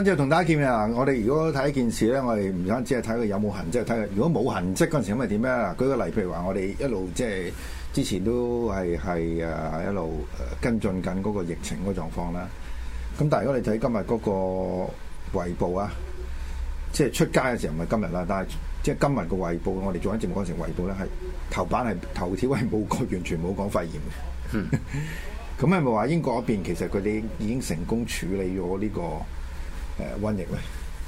跟住同大家見面啊！我哋如果睇一件事咧，我哋唔想只係睇佢有冇痕跡，即睇睇。如果冇痕跡，即係嗰時咁係點咧？嗱，舉個例，譬如話我哋一路即係之前都係係誒一路跟進緊嗰個疫情嗰個狀況啦。咁但係如果你睇今日嗰個衛報啊，即係出街嘅時候唔係今日啦，但係即係今日個衛報，我哋做緊節目嗰陣時衛報咧，係頭版係頭條係冇完全冇講肺炎嘅。咁係咪話英國嗰邊其實佢哋已經成功處理咗呢個？誒，瘟疫咧。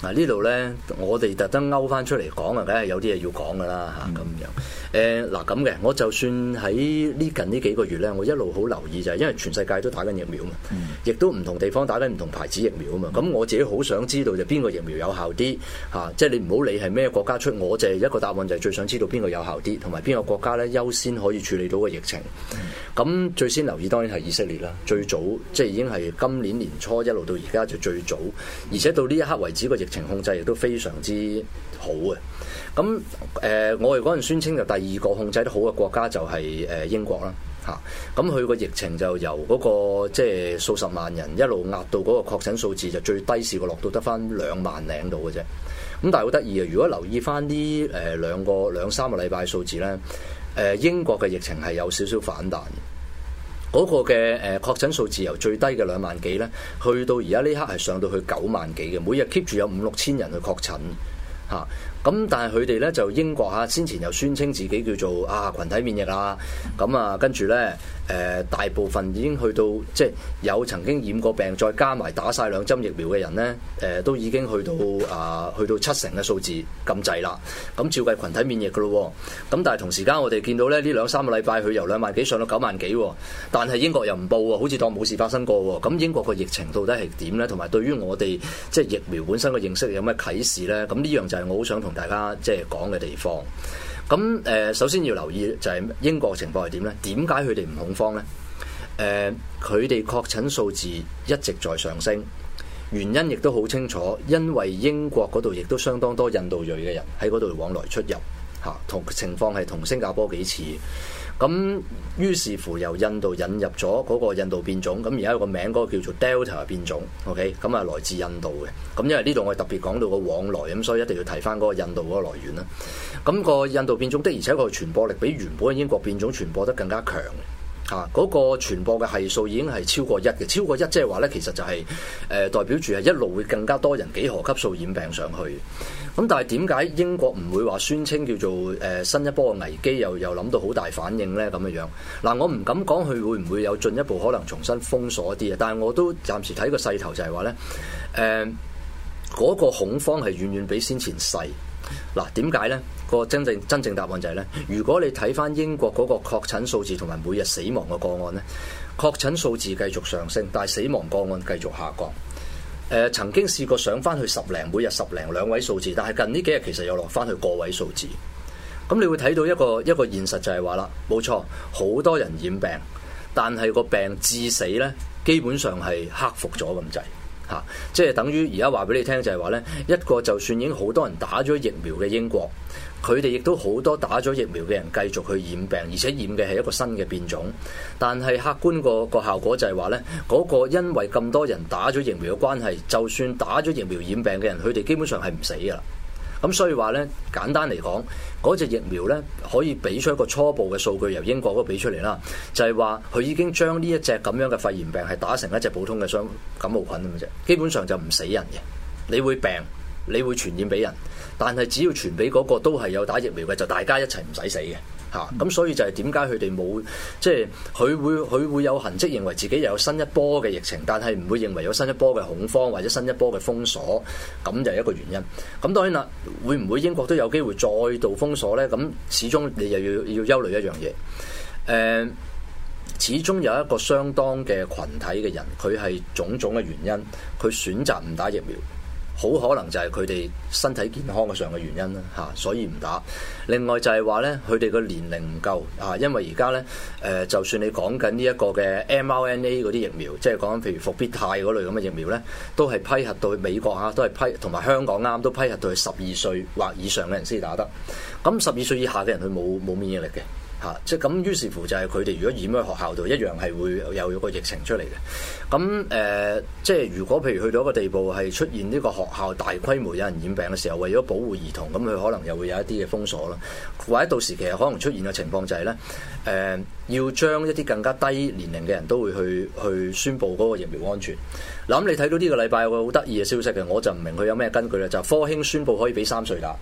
嗱、啊、呢度咧，我哋特登勾翻出嚟講，講啊，梗係有啲嘢要講噶啦嚇，咁樣誒嗱咁嘅，我就算喺呢近呢幾個月咧，我一路好留意就係，因為全世界都打緊疫苗啊，亦、嗯、都唔同地方打緊唔同牌子疫苗啊嘛，咁我自己好想知道就邊個疫苗有效啲嚇、啊，即係你唔好理係咩國家出，我就係一個答案就係最想知道邊個有效啲，同埋邊個國家咧優先可以處理到嘅疫情。咁、嗯啊、最先留意當然係以色列啦，最早即係已經係今年年初一路到而家就最早，而且到呢一刻為止個疫疫情控制亦都非常之好嘅。咁誒、呃，我哋嗰陣宣稱就第二個控制得好嘅國家就係、是、誒、呃、英國啦嚇。咁佢個疫情就由嗰、那個即係數十萬人一路壓到嗰個確診數字就最低時個落到得翻兩萬零度嘅啫。咁但係好得意啊！如果留意翻呢誒兩個兩三個禮拜數字咧，誒、呃、英國嘅疫情係有少少反彈。嗰個嘅誒確診數字由最低嘅兩萬幾咧，去到而家呢刻係上到去九萬幾嘅，每日 keep 住有五六千人去確診嚇。咁、啊、但係佢哋咧就英國嚇、啊、先前又宣稱自己叫做啊群體免疫啦、啊，咁啊跟住咧。誒、呃、大部分已經去到即係有曾經染過病，再加埋打晒兩針疫苗嘅人呢，誒、呃、都已經去到啊、呃，去到七成嘅數字咁滯啦。咁照計群體免疫㗎咯。咁但係同時間我哋見到咧呢兩三個禮拜佢由兩萬幾上到九萬幾，但係英國又唔報啊，好似當冇事發生過。咁英國嘅疫情到底係點呢？同埋對於我哋即係疫苗本身嘅認識有咩啟示呢？咁呢樣就係我好想同大家即係講嘅地方。咁誒、呃，首先要留意就係英國情況係點呢？點解佢哋唔恐慌呢？誒、呃，佢哋確診數字一直在上升，原因亦都好清楚，因為英國嗰度亦都相當多印度裔嘅人喺嗰度往來出入。吓，同情況係同新加坡幾似。咁於是乎由印度引入咗嗰個印度變種，咁而家有個名嗰個叫做 Delta 變種，OK，咁啊來自印度嘅。咁因為呢度我哋特別講到個往來，咁所以一定要提翻嗰個印度嗰個來源啦。咁個印度變種的而且確佢傳播力比原本英國變種傳播得更加強。啊！嗰、那個傳播嘅係數已經係超過一嘅，超過一即係話咧，其實就係、是、誒、呃、代表住係一路會更加多人幾何級數染病上去。咁但係點解英國唔會話宣稱叫做誒、呃、新一波嘅危機又又諗到好大反應咧咁嘅樣？嗱、啊，我唔敢講佢會唔會有進一步可能重新封鎖一啲嘅，但係我都暫時睇個勢頭就係話咧誒，嗰、呃那個恐慌係遠遠比先前細。嗱、啊，點解咧？個真正真正答案就係咧，如果你睇翻英國嗰個確診數字同埋每日死亡嘅個案呢，確診數字繼續上升，但係死亡個案繼續下降。呃，曾經試過上翻去十零每日十零兩位數字，但係近呢幾日其實又落翻去個位數字。咁，嗯，你會睇到一個一個現實就係話啦，冇錯，好多人染病，但係個病致死呢，基本上係克服咗咁滯嚇，即係等於而家話俾你聽就係話呢一個就算已經好多人打咗疫苗嘅英國。佢哋亦都好多打咗疫苗嘅人繼續去染病，而且染嘅係一個新嘅變種。但係客觀個個效果就係話咧，嗰個因為咁多人打咗疫苗嘅關係，就算打咗疫苗染病嘅人，佢哋基本上係唔死噶啦。咁所以話咧，簡單嚟講嗰隻疫苗咧可以俾出一個初步嘅數據由英國嗰度俾出嚟啦，就係話佢已經將呢一隻咁樣嘅肺炎病係打成一隻普通嘅傷感冒菌咁啫，基本上就唔死人嘅。你會病，你會傳染俾人。但係只要傳俾嗰個都係有打疫苗嘅，就大家一齊唔使死嘅嚇。咁、啊、所以就係點解佢哋冇即係佢會佢會有痕跡，認為自己又有新一波嘅疫情，但係唔會認為有新一波嘅恐慌或者新一波嘅封鎖，咁就係一個原因。咁當然啦，會唔會英國都有機會再度封鎖呢？咁始終你又要要憂慮一樣嘢，誒、呃，始終有一個相當嘅群體嘅人，佢係種種嘅原因，佢選擇唔打疫苗。好可能就係佢哋身體健康嘅上嘅原因啦，嚇、啊，所以唔打。另外就係話咧，佢哋個年齡唔夠啊，因為而家咧誒，就算你講緊呢一個嘅 mRNA 嗰啲疫苗，即係講譬如復必泰嗰類咁嘅疫苗咧，都係批核到去美國啊，都係批同埋香港啱都批核到去十二歲或以上嘅人先打得。咁十二歲以下嘅人佢冇冇免疫力嘅。嚇！即係咁，於是乎就係佢哋如果染喺學校度，一樣係會有個疫情出嚟嘅。咁、嗯、誒、呃，即係如果譬如去到一個地步係出現呢個學校大規模有人染病嘅時候，為咗保護兒童，咁、嗯、佢可能又會有一啲嘅封鎖咯。或者到時其實可能出現嘅情況就係、是、呢：誒、呃，要將一啲更加低年齡嘅人都會去去宣佈嗰個疫苗安全。嗱、呃，咁你睇到呢個禮拜有個好得意嘅消息嘅，我就唔明佢有咩根據咧，就是、科興宣布可以俾三歲啦。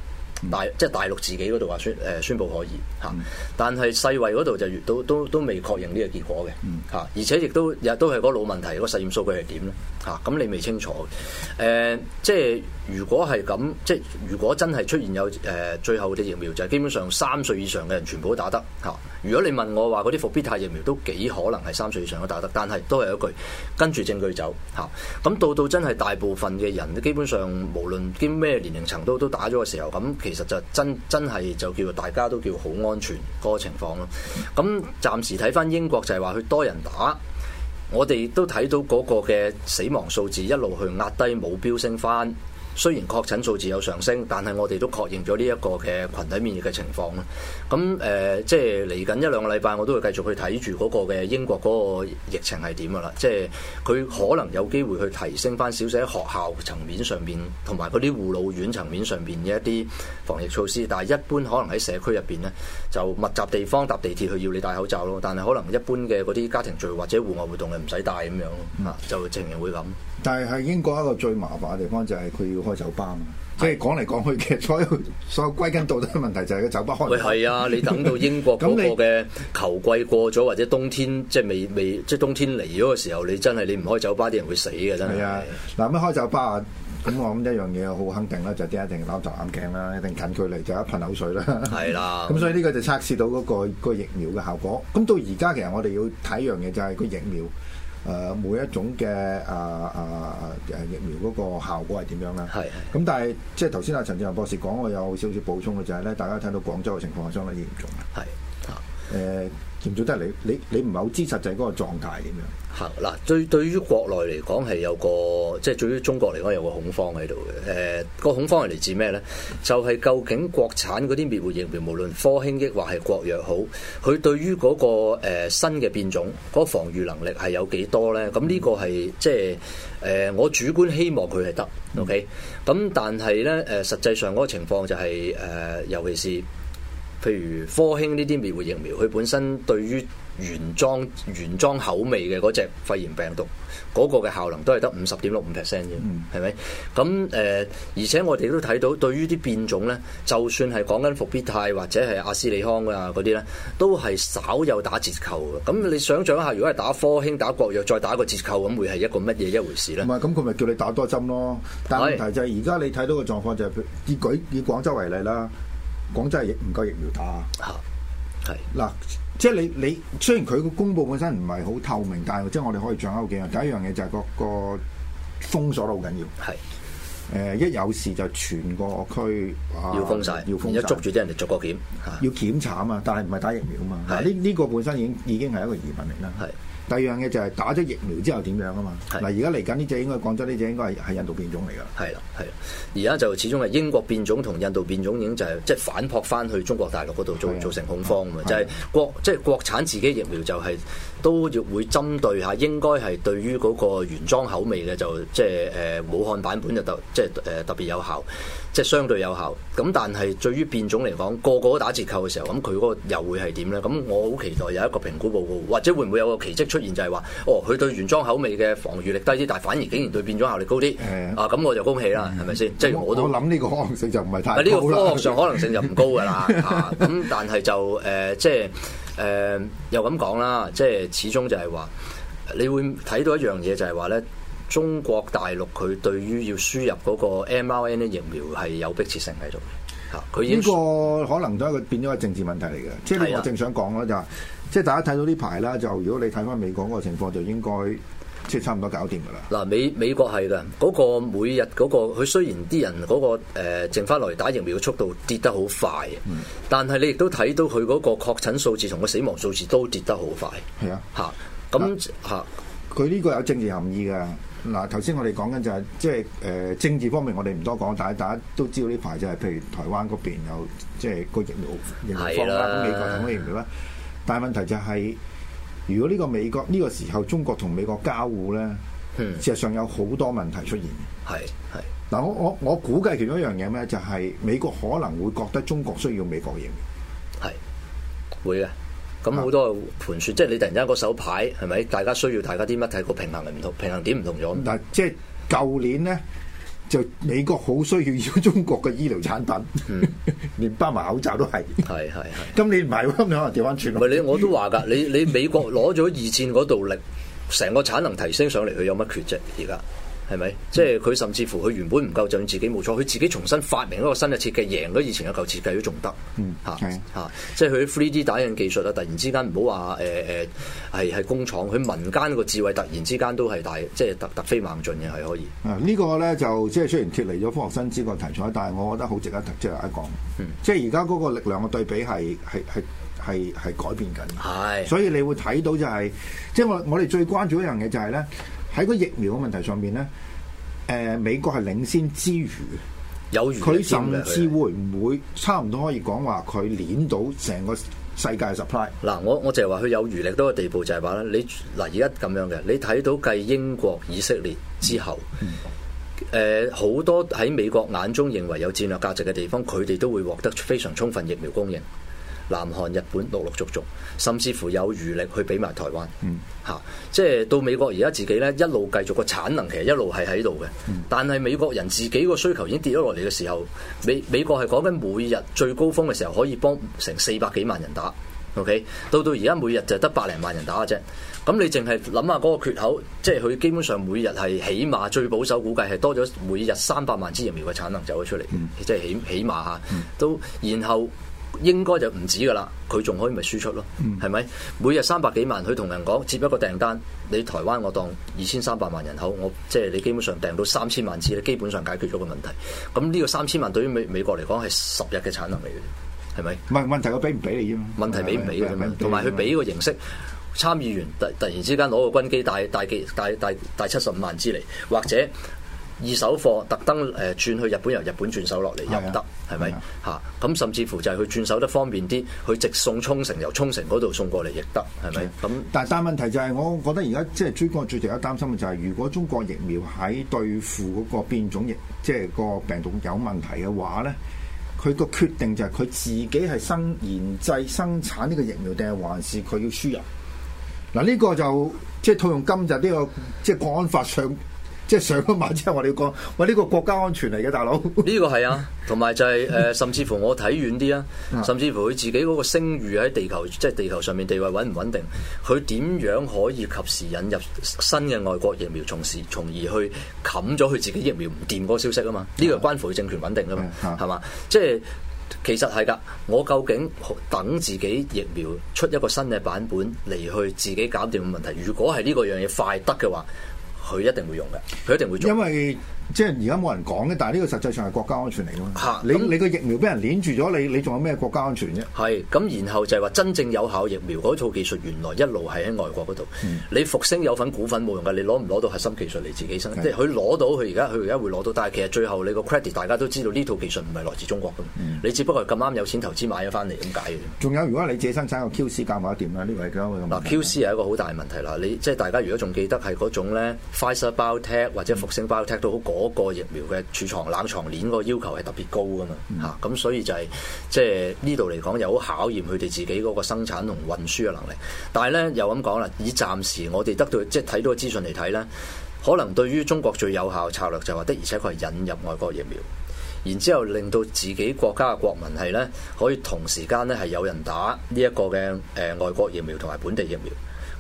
大 即係大陸自己嗰度話宣誒宣佈可以嚇，但係世衛嗰度就越都都都未確認呢個結果嘅嚇，而且亦都亦都係個老問題，個實驗數據係點咧嚇？咁、啊、你未清楚誒、呃？即係如果係咁，即係如果真係出現有誒、呃、最後啲疫苗，就係、是、基本上三歲以上嘅人全部都打得嚇。啊如果你問我話，嗰啲伏必泰疫苗都幾可能係三歲以上都打得，但係都係一句跟住證據走吓。咁、啊、到到真係大部分嘅人，基本上無論經咩年齡層都都打咗嘅時候，咁其實就真真係就叫大家都叫好安全嗰個情況咯。咁、啊嗯、暫時睇翻英國就係話佢多人打，我哋都睇到嗰個嘅死亡數字一路去壓低冇飆升翻。雖然確診數字有上升，但係我哋都確認咗呢一個嘅群體免疫嘅情況咯。咁誒、呃，即係嚟緊一兩個禮拜，我都會繼續去睇住嗰個嘅英國嗰個疫情係點㗎啦。即係佢可能有機會去提升翻少少喺學校層面上面，同埋嗰啲護老院層面上面嘅一啲防疫措施。但係一般可能喺社區入邊呢，就密集地方搭地鐵，去要你戴口罩咯。但係可能一般嘅嗰啲家庭聚或者戶外活動係唔使戴咁樣咯。嗱、嗯，就情形會咁。但係英國一個最麻煩嘅地方就係佢要。開酒吧嘛，即係講嚟講去嘅，所有所有歸根到底嘅問題就係佢酒吧開，開。喂，係啊，你等到英國嗰個嘅球季過咗， 你或者冬天即係未未即係冬天嚟咗嘅時候，你真係你唔開酒吧啲、嗯、人會死嘅，真係。係啊，嗱，咁開酒吧啊？咁我諗一樣嘢好肯定啦，就係、是、一定攬頭攬頸啦，一定近距離就一噴口水啦。係啦、啊，咁 所以呢個就測試到嗰、那個、那個疫苗嘅效果。咁到而家其實我哋要睇一樣嘢就係、是、個疫苗。誒，每一種嘅啊、啊、誒疫苗嗰個效果係點樣咧？係咁是的，但係即係頭先阿陳志宏博士講，我有少少補充嘅就係、是、咧，大家睇到廣州嘅情況係相當嚴重嘅。係啊誒。呃最主要都係你，你你唔係好知實際嗰個狀態點樣？吓嗱，對對於國內嚟講係有個，即係對於中國嚟講有個恐慌喺度嘅。誒、呃，這個恐慌係嚟自咩咧？就係、是、究竟國產嗰啲滅活疫苗，無論科興抑或係國藥好，佢對於嗰、那個誒、呃、新嘅變種嗰、那個、防禦能力係有幾多咧？咁呢個係即係誒、呃，我主觀希望佢係得，OK？咁但係咧誒，實際上嗰個情況就係、是、誒、呃，尤其是。譬如科興呢啲滅活疫苗，佢本身對於原裝原裝口味嘅嗰隻肺炎病毒嗰、那個嘅效能都係得五十點六五 percent 啫，係咪？咁誒、呃，而且我哋都睇到對於啲變種咧，就算係講緊復必泰或者係阿斯利康啊嗰啲咧，都係稍有打折扣嘅。咁你想象一下，如果係打科興、打國藥再打個折扣，咁會係一個乜嘢一回事咧？唔係，咁佢咪叫你打多針咯？但係問題就係而家你睇到嘅狀況就係、是，以以廣州為例啦。廣州係疫唔夠疫苗打，係嗱是，即係你你雖然佢個公佈本身唔係好透明，但係即係我哋可以掌握幾樣。第一樣嘢就係個個封鎖得好緊要，係誒是、呃、一有事就全個區要封晒，要封而捉住啲人哋逐個檢，啊、要檢查啊嘛，但係唔係打疫苗啊嘛，嗱呢呢個本身已經已經係一個疑問嚟啦，係是。是第二樣嘢就係打咗疫苗之後點樣啊嘛？嗱的，而家嚟緊呢隻應該講咗呢隻應該係係印度變種嚟㗎。係啦，係啦。而家就始終係英國變種同印度變種已經就係即係反撲翻去中國大陸嗰度造造成恐慌啊嘛。就係、是、國即係、就是、國產自己疫苗就係、是、都要會針對下，應該係對於嗰個原裝口味嘅就即係誒武漢版本就特即係誒特別有效，即、就、係、是、相對有效。咁但係對於變種嚟講，個個都打折扣嘅時候，咁佢嗰個又會係點咧？咁我好期待有一個評估報告，或者會唔會有個奇蹟出出現就係話，哦，佢對原裝口味嘅防禦力低啲，但係反而竟然對變種效力高啲。嗯、啊，咁我就恭喜啦，係咪先？是是嗯、即係我都諗呢個可能性就唔係太呢個科學上可能性就唔高噶啦。嚇咁、 啊，但係就誒、呃，即係誒、呃，又咁講啦。即係始終就係話，你會睇到一樣嘢就係話咧，中國大陸佢對於要輸入嗰個 mRNA 疫苗係有迫切性喺度。嚇、啊，佢呢個可能都係佢變咗個政治問題嚟嘅。即、就、係、是、我正想講啦，就話對。對即係大家睇到呢排啦，就如果你睇翻美國個情況，就應該即係差唔多搞掂噶啦。嗱，美美國係噶，嗰、那個每日嗰、那個佢雖然啲人嗰、那個誒、呃、剩翻落嚟打疫苗嘅速度跌得好快，嗯、但係你亦都睇到佢嗰個確診數字同個死亡數字都跌得好快。係啊，吓咁吓，佢呢那、啊、個有政治含義噶。嗱、啊，頭先我哋講緊就係即係誒政治方面，我哋唔多講，但係大家都知道呢排就係、是、譬如台灣嗰邊有即係個疫苗疫苗啦，啊、美國有咩疫苗咧？啊但係問題就係、是，如果呢個美國呢、這個時候中國同美國交互咧，事、嗯、實上有好多問題出現。係係，嗱我我我估計其中一樣嘢咩？就係、是、美國可能會覺得中國需要美國嘢。係會嘅，咁好多盤算，啊、即係你突然間個手牌係咪？是是大家需要，大家啲乜睇個平衡係唔同，平衡點唔同咗。但嗱，即係舊年咧。就美國好需要要中國嘅醫療產品，嗯、 連包埋口罩都係。係係係。咁你唔係喎，今年可能調翻轉。唔係你我都話㗎，你你美國攞咗二戰嗰度力，成 個產能提升上嚟，佢有乜缺啫？而家。係咪？即係佢甚至乎佢原本唔夠仗、就是、自己冇錯，佢自己重新發明一個新嘅設計，贏咗以前嘅舊設計都仲得。嗯，嚇嚇，的即係佢 3D 打印技術啊！突然之間唔好話誒誒，係、欸、係、欸、工廠，佢民間個智慧突然之間都係大，即係突突飛猛進嘅，係可以。嗯這個、呢個咧就即係雖然脱離咗科學新知個題材，但係我覺得好值得即係一講。即係而家嗰個力量嘅對比係係係係係改變緊。係的。所以你會睇到就係、是，即係我我哋最關注一樣嘢就係、是、咧。喺個疫苗嘅問題上面咧，誒美國係領先之餘，有餘佢甚至會唔會是差唔多可以講話佢攣到成個世界 supply。嗱，我我淨係話佢有餘力多嘅地步就係話咧，你嗱而家咁樣嘅，你睇到繼英國、以色列之後，誒好、嗯呃、多喺美國眼中認為有戰略價值嘅地方，佢哋都會獲得非常充分疫苗供應。南韓、日本陸陸續續，甚至乎有餘力去俾埋台灣。嚇、嗯啊，即係到美國而家自己咧，一路繼續個產能，其實一路係喺度嘅。嗯、但係美國人自己個需求已經跌咗落嚟嘅時候，美美國係講緊每日最高峰嘅時候可以幫成四百幾萬人打。OK，到到而家每日就得百零萬人打嘅啫。咁你淨係諗下嗰個缺口，即係佢基本上每日係起碼最保守估計係多咗每日三百萬支疫苗嘅產能走咗出嚟。嗯、即係起起碼嚇、啊、都，然後。應該就唔止噶啦，佢仲可以咪輸出咯？係咪每日三百幾萬？佢同人講接一個訂單，你台灣我當二千三百萬人口，我即係你基本上訂到三千萬次咧，你基本上解決咗個問題。咁呢個三千萬對於美美國嚟講係十日嘅產能嚟嘅，係咪？唔係問題給給，佢俾唔俾你？問題俾唔俾嘅，同埋佢俾個形式，參議員突突然之間攞個軍機帶帶幾帶帶帶七十五萬支嚟，或者。二手貨特登誒轉去日本，由日本轉手落嚟又唔得，係咪嚇？咁甚至乎就係佢轉手得方便啲，佢直送沖繩，由沖繩嗰度送過嚟亦得，係咪？咁但但問題就係、是，我覺得而家即係中國最值得擔心嘅就係、是，如果中國疫苗喺對付嗰個變種疫，即、就、係、是、個病毒有問題嘅話咧，佢個決定就係佢自己係生研製生產呢個疫苗，定係還是佢要輸入、啊？嗱呢、這個就即係、就是、套用今日呢個即係國安法上。即係上一晚先，我哋講，喂，呢個國家安全嚟嘅大佬，呢個係啊，同埋就係、是、誒、呃，甚至乎我睇遠啲啊， 甚至乎佢自己嗰個聲譽喺地球，即、就、係、是、地球上面地位穩唔穩定，佢點樣可以及時引入新嘅外國疫苗，從事，從而去冚咗佢自己疫苗唔掂嗰個消息啊嘛？呢個關乎佢政權穩定啊嘛？係嘛？ 即係其實係噶，我究竟等自己疫苗出一個新嘅版本嚟去自己搞掂個問題？如果係呢個樣嘢快得嘅話？佢一定會用嘅，佢一定會做。因為即係而家冇人講嘅，但係呢個實際上係國家安全嚟㗎嘛。嚇你！咁你個疫苗俾人攆住咗，你你仲有咩國家安全啫？係咁，然後就係話真正有效疫苗嗰套技術原來一路係喺外國嗰度。嗯、你復星有份股份冇用㗎，你攞唔攞到核心技術你自己身？的即係佢攞到，佢而家佢而家會攞到，但係其實最後你個 credit 大家都知道，呢套技術唔係來自中國㗎、嗯、你只不過係咁啱有錢投資買咗翻嚟，咁解嘅。仲有如果你自己生產、嗯、個 QC 監控點啊？呢個係交㗎。嗱，QC 係一個好大問題啦。你即係大家如果仲記得係嗰種咧 Pfizer BioNTech 或者復星 BioNTech 都好講。嗯嗯嗰個疫苗嘅儲藏冷藏鏈個要求係特別高噶嘛嚇，咁、mm. 啊、所以就係即係呢度嚟講又好考驗佢哋自己嗰個生產同運輸嘅能力。但係呢，又咁講啦，以暫時我哋得到即係睇到嘅資訊嚟睇呢，可能對於中國最有效策略就係話的而且確係引入外國疫苗，然之後令到自己國家嘅國民係呢，可以同時間呢係有人打呢一個嘅誒外國疫苗同埋本地疫苗。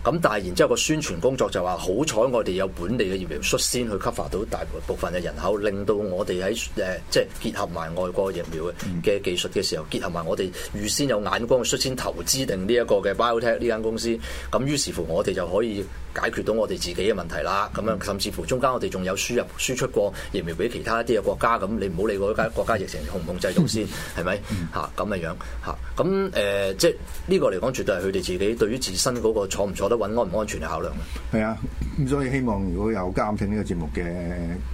咁但係，然之後個宣傳工作就話，好彩我哋有本地嘅疫苗率先去 cover 到大部分嘅人口，令到我哋喺誒即係結合埋外國疫苗嘅嘅技術嘅時候，結合埋我哋預先有眼光率先投資定呢一個嘅 BioNTech 呢間公司，咁於是乎我哋就可以解決到我哋自己嘅問題啦。咁樣甚至乎中間我哋仲有輸入輸出過疫苗俾其他一啲嘅國家，咁你唔好理嗰間國家，國家疫情控唔控制到先，係咪吓？咁嘅樣吓，咁誒即係呢個嚟講絕對係佢哋自己對於自身嗰個坐唔坐得。揾安唔安全嘅考量咧，係啊，咁所以希望如果有監聽呢個節目嘅，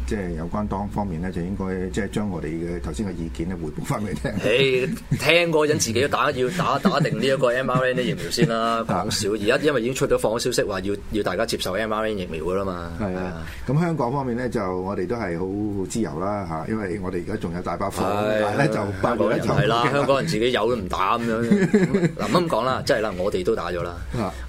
即係有關當方面咧，就應該即係將我哋嘅頭先嘅意見咧回報翻俾你聽。誒，聽嗰個人自己打要打打定呢一個 mRNA 啲疫苗先啦，好少。而家因為已經出咗放消息話要要大家接受 mRNA 疫苗㗎啦嘛。係啊，咁香港方面咧就我哋都係好自由啦嚇，因為我哋而家仲有大把貨，但係咧就香港人係啦，香港人自己有都唔打咁樣。嗱咁講啦，即係啦，我哋都打咗啦，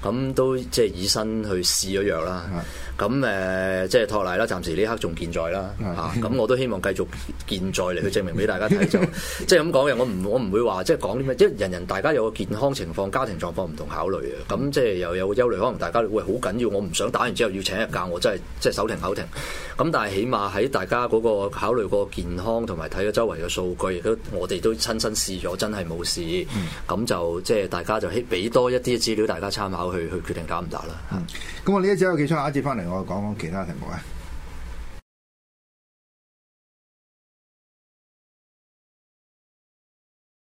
咁都。即係以身去試咗藥啦。 咁誒、嗯，即係托賴啦，暫時呢刻仲健在啦嚇，咁、啊、我都希望繼續健在嚟去證明俾大家睇就，即係咁講嘅，我唔我唔會話即係講啲咩，即係人人大家有個健康情況、家庭狀況唔同考慮啊。咁即係又有，有憂慮，可能大家會好緊要，我唔想打完之後要請一日假，我真係即係手停口停。咁但係起碼喺大家嗰個考慮嗰個健康同埋睇咗周圍嘅數據，亦都我哋都親身試咗，真係冇事。咁就即係大家就希俾多一啲資料，大家參考去去決定打唔打啦。咁、嗯嗯、我呢一集有幾出下一節翻嚟。我講講其他題目啊。